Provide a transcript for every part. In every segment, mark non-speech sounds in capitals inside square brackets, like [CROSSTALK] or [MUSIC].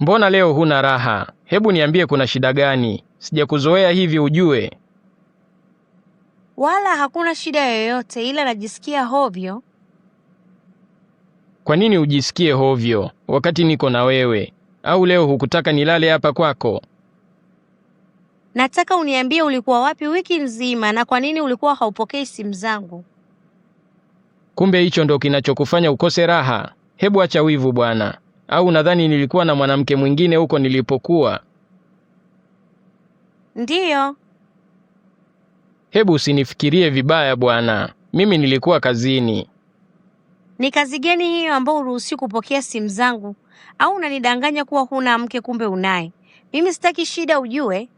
Mbona leo huna raha? Hebu niambie kuna shida gani? Sijakuzoea hivi ujue. Wala hakuna shida yoyote, ila najisikia hovyo. Kwa nini ujisikie hovyo wakati niko na wewe? Au leo hukutaka nilale hapa kwako? Nataka uniambie ulikuwa wapi wiki nzima na kwa nini ulikuwa haupokei simu zangu? Kumbe hicho ndo kinachokufanya ukose raha? Hebu acha wivu bwana au nadhani nilikuwa na mwanamke mwingine huko nilipokuwa. Ndiyo. Hebu usinifikirie vibaya bwana, mimi nilikuwa kazini. Ni kazi gani hiyo ambayo uruhusi kupokea simu zangu? Au unanidanganya kuwa huna mke, kumbe unaye? Mimi sitaki shida, ujue.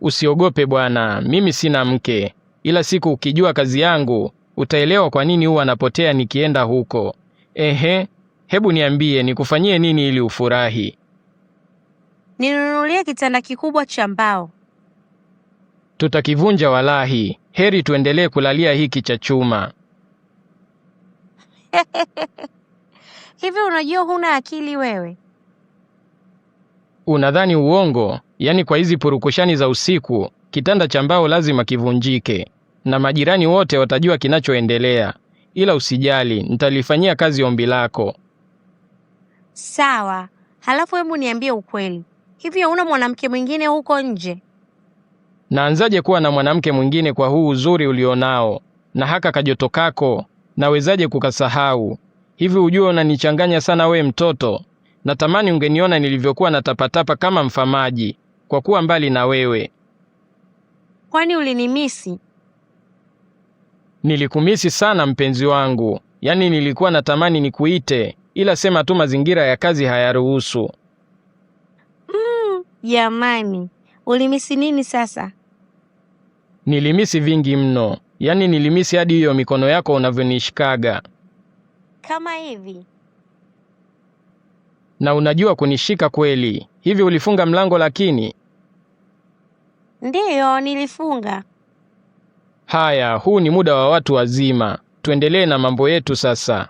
Usiogope bwana, mimi sina mke, ila siku ukijua kazi yangu utaelewa kwa nini huwa napotea nikienda huko. Ehe. Hebu niambie nikufanyie nini ili ufurahi? Ninunulie kitanda kikubwa cha mbao. Tutakivunja walahi. Heri tuendelee kulalia hiki cha chuma. [LAUGHS] Hivi unajua huna akili wewe? Unadhani uongo? Yaani kwa hizi purukushani za usiku, kitanda cha mbao lazima kivunjike na majirani wote watajua kinachoendelea. Ila usijali, nitalifanyia kazi ombi lako. Sawa. Halafu hebu niambie ukweli, hivi una mwanamke mwingine huko nje? Naanzaje kuwa na mwanamke mwingine kwa huu uzuri ulionao na haka kajoto kako, nawezaje kukasahau? Hivi ujue unanichanganya sana we mtoto. Natamani ungeniona nilivyokuwa natapatapa kama mfamaji kwa kuwa mbali na wewe. Kwani ulinimisi? Nilikumisi sana mpenzi wangu, yaani nilikuwa natamani nikuite ila sema tu mazingira ya kazi hayaruhusu. Mm, jamani, mm, ulimisi nini sasa? Nilimisi vingi mno, yaani nilimisi hadi hiyo mikono yako unavyonishikaga kama hivi, na unajua kunishika kweli. Hivi ulifunga mlango lakini? Ndiyo, nilifunga. Haya, huu ni muda wa watu wazima, tuendelee na mambo yetu sasa.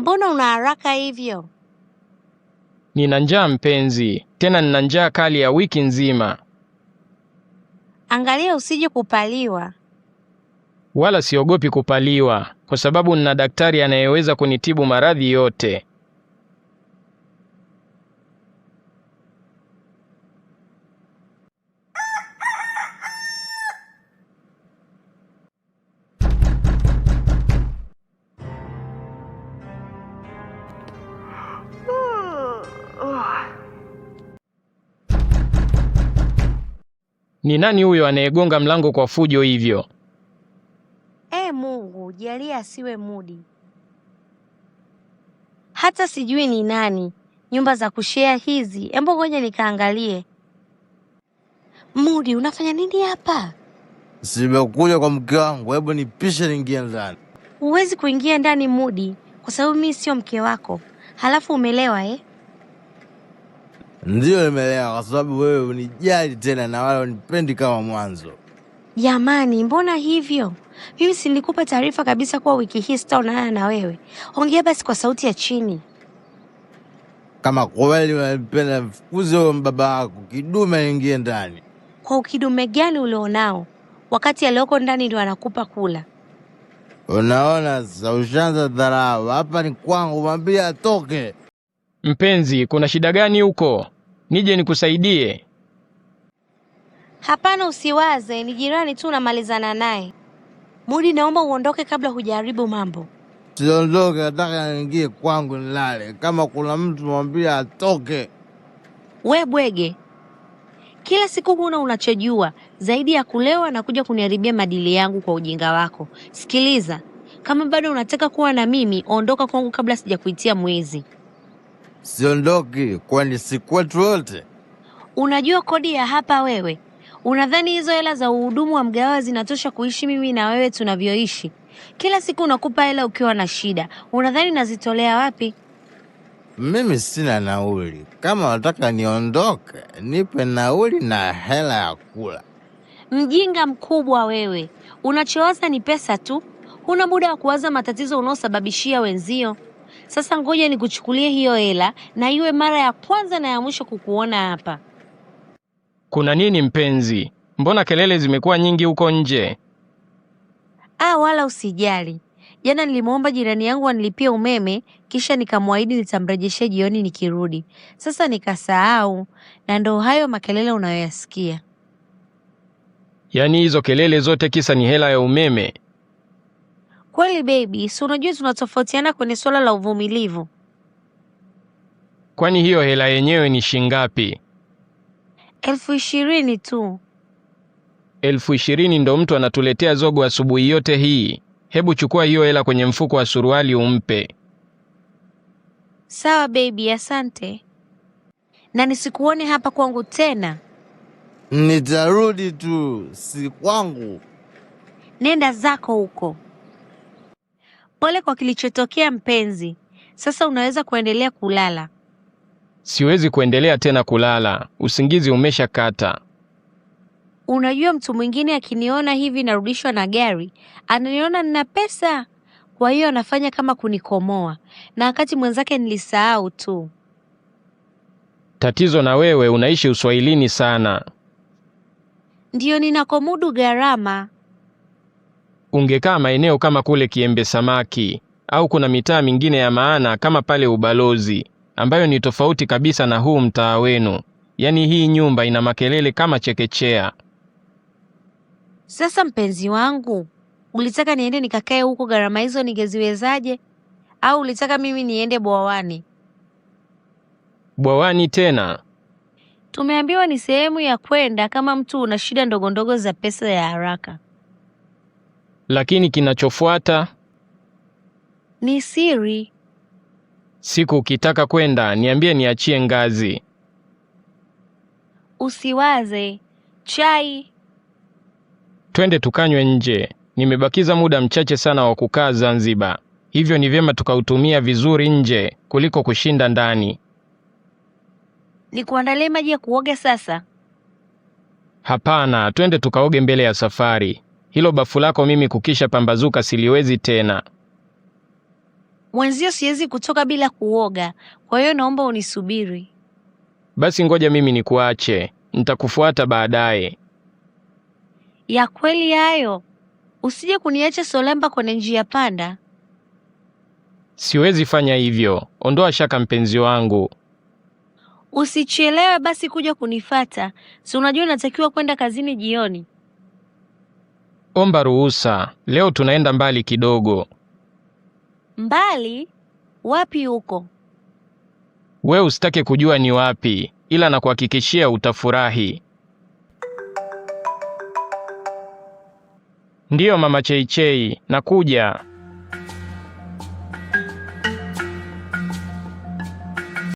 Mbona una haraka hivyo? Nina njaa mpenzi, tena nina njaa kali ya wiki nzima. Angalia usije kupaliwa. Wala siogopi kupaliwa, kwa sababu nina daktari anayeweza kunitibu maradhi yote. Ni nani huyo anayegonga mlango kwa fujo hivyo? E Mungu, jalie asiwe Mudi. Hata sijui ni nani. Nyumba za kushea hizi, embo ngoja nikaangalie. Mudi, unafanya nini hapa? Simekuja kwa mke wangu, hebu nipishe niingie ndani. Huwezi kuingia ndani Mudi, kwa sababu mimi sio mke wako. Halafu umelewa eh? Ndiyo, nimelewa kwa sababu wewe unijali tena na wala unipendi kama mwanzo. Jamani, mbona hivyo? Mimi silikupa taarifa kabisa kuwa wiki hii sitaonana na wewe. Ongea basi kwa sauti ya chini. Kama kweli unanipenda, mfukuze huyo mbaba wako kidume ingie ndani. Kwa ukidume gani ulionao wakati alioko ndani ndio anakupa kula? Unaona sasa, ushanza dharau hapa. Ni kwangu, mwambie atoke. Mpenzi, kuna shida gani huko? Nije nikusaidie? Hapana, usiwaze, ni jirani tu namalizana naye. Mudi, naomba uondoke kabla hujaharibu mambo. Siondoke, nataka niingie kwangu nilale. Kama kuna mtu mwambie atoke. We bwege, kila siku huna unachojua zaidi ya kulewa na kuja kuniharibia madili yangu kwa ujinga wako. Sikiliza, kama bado unataka kuwa na mimi, ondoka kwangu kabla sijakuitia mwizi. Siondoki, kwani siku watu wote. Unajua kodi ya hapa wewe? Unadhani hizo hela za uhudumu wa mgahawa zinatosha kuishi mimi na wewe tunavyoishi? Kila siku unakupa hela ukiwa na shida, unadhani nazitolea wapi? Mimi sina nauli. Kama unataka niondoke, nipe nauli na hela ya kula. Mjinga mkubwa wewe! Unachowaza ni pesa tu, huna muda wa kuwaza matatizo unaosababishia wenzio. Sasa ngoja nikuchukulie hiyo hela na iwe mara ya kwanza na ya mwisho kukuona hapa. Kuna nini mpenzi? Mbona kelele zimekuwa nyingi huko nje? Ah, wala usijali. Jana nilimwomba jirani yangu anilipie umeme, kisha nikamwahidi nitamrejeshia jioni nikirudi. Sasa nikasahau, na ndo hayo makelele unayoyasikia. Yaani hizo kelele zote, kisa ni hela ya umeme? Kweli baby, si unajua tunatofautiana kwenye swala la uvumilivu. Kwani hiyo hela yenyewe ni shingapi? Elfu ishirini tu. Elfu ishirini ndo mtu anatuletea zogo asubuhi yote hii. Hebu chukua hiyo hela kwenye mfuko wa suruali umpe. Sawa baby, asante, na nisikuone hapa kwangu tena. Nitarudi tu, si kwangu. Nenda zako huko. Pole kwa kilichotokea mpenzi. Sasa unaweza kuendelea kulala. Siwezi kuendelea tena kulala, usingizi umeshakata. Unajua, mtu mwingine akiniona hivi narudishwa na gari, ananiona nina pesa, kwa hiyo anafanya kama kunikomoa, na wakati mwenzake nilisahau tu. Tatizo na wewe unaishi uswahilini sana. Ndiyo, ninakomudu gharama ungekaa maeneo kama kule Kiembe Samaki au kuna mitaa mingine ya maana kama pale Ubalozi ambayo ni tofauti kabisa na huu mtaa wenu. Yaani hii nyumba ina makelele kama chekechea. Sasa mpenzi wangu, ulitaka niende nikakae huko, gharama hizo ningeziwezaje? Au ulitaka mimi niende bwawani? Bwawani tena? Tumeambiwa ni sehemu ya kwenda kama mtu una shida ndogondogo za pesa ya haraka lakini kinachofuata ni siri. Siku ukitaka kwenda niambie, niachie ngazi. Usiwaze chai, twende tukanywe nje. Nimebakiza muda mchache sana wa kukaa Zanzibar, hivyo ni vyema tukautumia vizuri nje kuliko kushinda ndani. Nikuandalie maji ya kuoga sasa? Hapana, twende tukaoge mbele ya safari. Hilo bafu lako mimi kukisha pambazuka siliwezi tena. Mwenzio siwezi kutoka bila kuoga, kwa hiyo naomba unisubiri. Basi ngoja mimi nikuache, nitakufuata baadaye. Ya kweli hayo? Usije kuniacha solemba kwenye njia panda. Siwezi fanya hivyo, ondoa shaka mpenzi wangu. Usichelewe basi kuja kunifata, si unajua natakiwa kwenda kazini jioni omba ruhusa, leo tunaenda mbali kidogo. Mbali? Wapi huko? We usitake kujua ni wapi, ila nakuhakikishia utafurahi. Ndiyo mama Cheichei, nakuja.